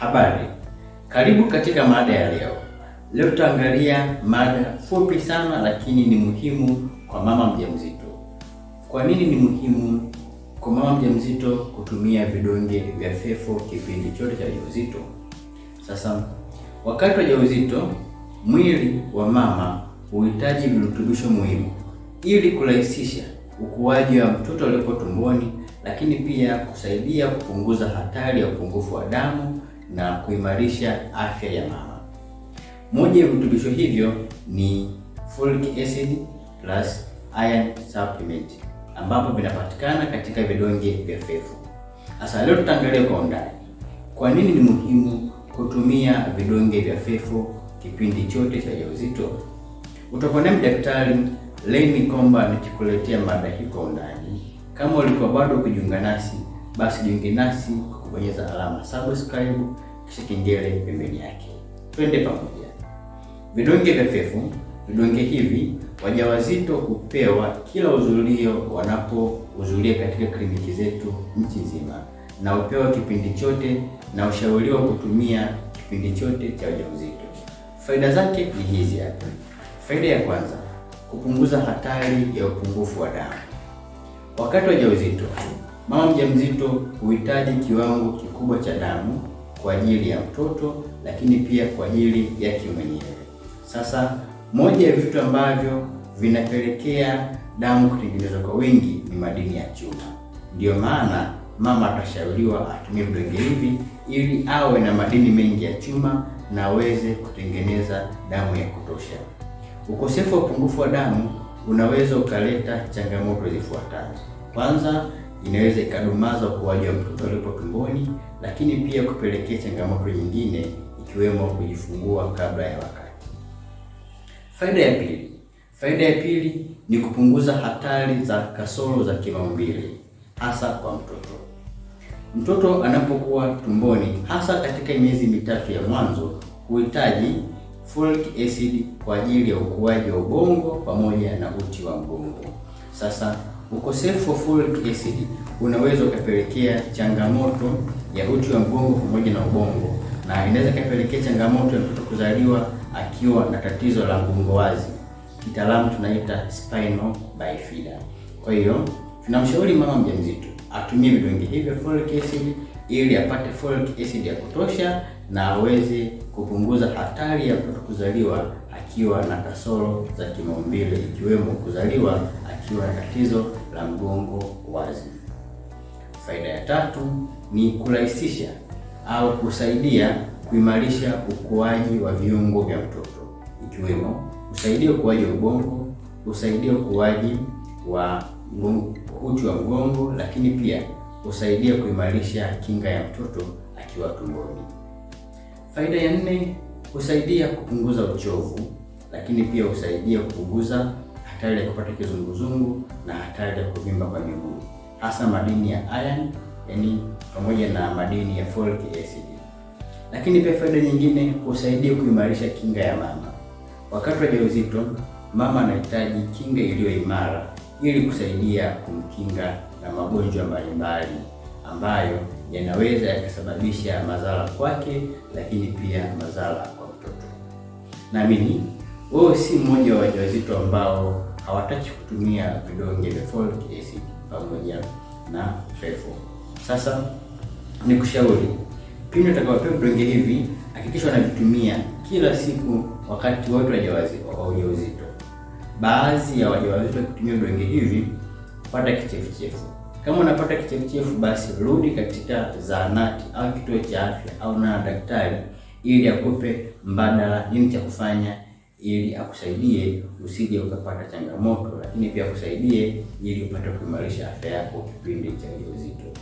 Habari, karibu katika mada ya leo. Leo tutaangalia mada fupi sana, lakini ni muhimu kwa mama mjamzito. Kwa nini ni muhimu kwa mama mjamzito kutumia vidonge vya FeFo kipindi chote cha ujauzito? Sasa wakati wa ujauzito, mwili wa mama huhitaji virutubisho muhimu ili kurahisisha ukuaji wa mtoto aliyepo tumboni, lakini pia kusaidia kupunguza hatari ya upungufu wa damu na kuimarisha afya ya mama. Moja ya virutubisho hivyo ni folic acid plus iron supplement ambapo vinapatikana katika vidonge vya fefu. Sasa leo tutaangalia kwa undani kwa nini ni muhimu kutumia vidonge vya fefu kipindi chote cha ujauzito. Utakuwa nami Daktari Lenny Komba nikikuletea mada hii kwa undani. Kama ulikuwa bado kujiunga nasi, basi jiunge nasi kubonyeza alama subscribe kisha kengele pembeni yake. Twende pamoja. Vidonge vya fefu. Vidonge hivi wajawazito hupewa kila uzulio wanapouzulia katika kliniki zetu nchi nzima, na hupewa kipindi chote na ushauriwa kutumia kipindi chote cha ujauzito. Faida zake ni hizi hapa. Faida ya kwanza, kupunguza hatari ya upungufu wa damu wakati wa ujauzito. Mama mjamzito huhitaji kiwango kikubwa cha damu kwa ajili ya mtoto, lakini pia kwa ajili yake mwenyewe. Sasa moja ya vitu ambavyo vinapelekea damu kutengenezwa kwa wingi ni madini ya chuma. Ndiyo maana mama atashauriwa atumie vidonge hivi ili awe na madini mengi ya chuma na aweze kutengeneza damu ya kutosha. Ukosefu wa upungufu wa damu unaweza ukaleta changamoto zifuatazo. Kwanza inaweza ikadumaza ukuaji wa mtoto aliyepo tumboni, lakini pia kupelekea changamoto nyingine ikiwemo kujifungua kabla ya wakati. Faida ya pili, faida ya pili ni kupunguza hatari za kasoro za kimaumbile hasa kwa mtoto. Mtoto anapokuwa tumboni, hasa katika miezi mitatu ya mwanzo, huhitaji folic acid kwa ajili ya ukuaji wa ubongo pamoja na uti wa mgongo. Sasa Ukosefu wa folic acid unaweza ukapelekea changamoto ya uti wa mgongo pamoja na ubongo, na inaweza ikapelekea changamoto ya mtoto kuzaliwa akiwa na tatizo la mgongo wazi, kitaalamu tunaita spinal bifida. Kwa hiyo tunamshauri mama mjamzito atumie vidonge hivi vya folic acid ili apate folic acid ya kutosha na aweze kupunguza hatari ya mtoto kuzaliwa akiwa na kasoro za kimaumbile ikiwemo kuzaliwa akiwa na tatizo la mgongo wazi. Faida ya tatu ni kurahisisha au kusaidia kuimarisha ukuaji wa viungo vya mtoto ikiwemo husaidia ukuaji wa ubongo, husaidia ukuaji wa uti wa mgongo, lakini pia husaidia kuimarisha kinga ya mtoto akiwa tumboni. Faida ya nne husaidia kupunguza uchovu, lakini pia husaidia kupunguza hatari ya kupata kizunguzungu na hatari ya kuvimba kwa miguu, hasa madini ya iron, yani pamoja na madini ya folic acid. Lakini pia faida nyingine, husaidia kuimarisha kinga ya mama. Wakati wa ujauzito, mama anahitaji kinga iliyo imara ili kusaidia kumkinga na magonjwa mbalimbali ambayo yanaweza yakasababisha madhara kwake, lakini pia madhara kwa mtoto. Naamini wewe si mmoja wa wajawazito ambao hawataki kutumia vidonge vya folic acid pamoja na FeFo. Sasa ni kushauri pindi utakapopewa vidonge hivi, hakikisha unavitumia kila siku wakati wote wa ujauzito. Baadhi ya wajawazito kutumia vidonge hivi pata kichefuchefu. Kama unapata kichefuchefu, basi rudi katika zahanati au kituo cha afya au na daktari, ili akupe mbadala nini cha kufanya ili akusaidie usije ukapata changamoto, lakini pia akusaidie ili upate kuimarisha afya yako kipindi cha ujauzito.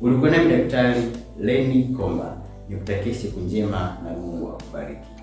Ulikuwa nami Daktari Lenny Komba, nikutakie siku njema na Mungu akubariki.